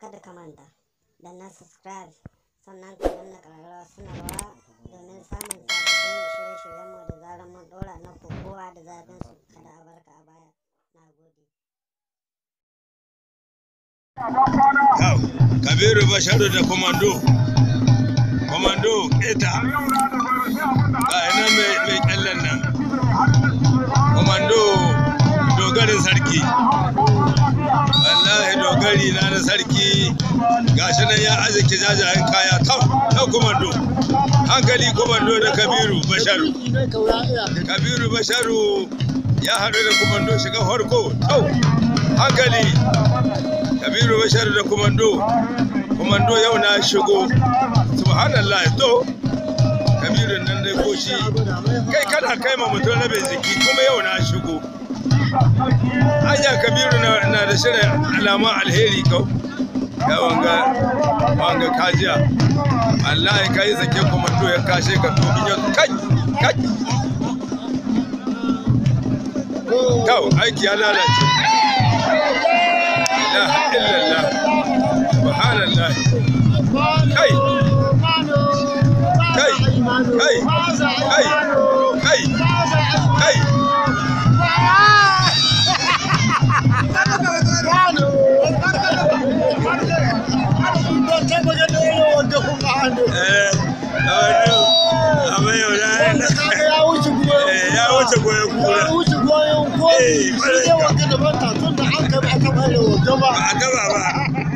kada ka manta da na subscribe sannan ka danna suna sanarwa domin samun sabbin shirye-shiryenmu da zarar mun ɗora na kowa da zafin su kada a barka a baya na gode kabiru basharu da komando komando ita Ba ina mai kyallen nan komando dogarin sarki yayin dogari na na sarki gashi nan ya arziki jajayen kaya ta na kumando hankali kumando da kabiru basharu kabiru basharu ya haɗu da kumando shiga farko tau hankali kabiru basharu da kumando kumando yau na shigo subhanallah to kabiru nan dai ko shi kai kana kai ma mutum na bai ziki kuma yau na shigo Aja Kabiru na da shirin alama alheri kau. Ya wanga wanga kajiya. Allah ka yi sake kuma to ya kashe ka to biyo kai kai. Kau aiki ya lalace. La illallah. Subhanallah. Kai. Kai. Kai. Kai. Eh, ya wuce goyon eh, ya wuce goyon eh, da banta tun da aka bare a gaba ba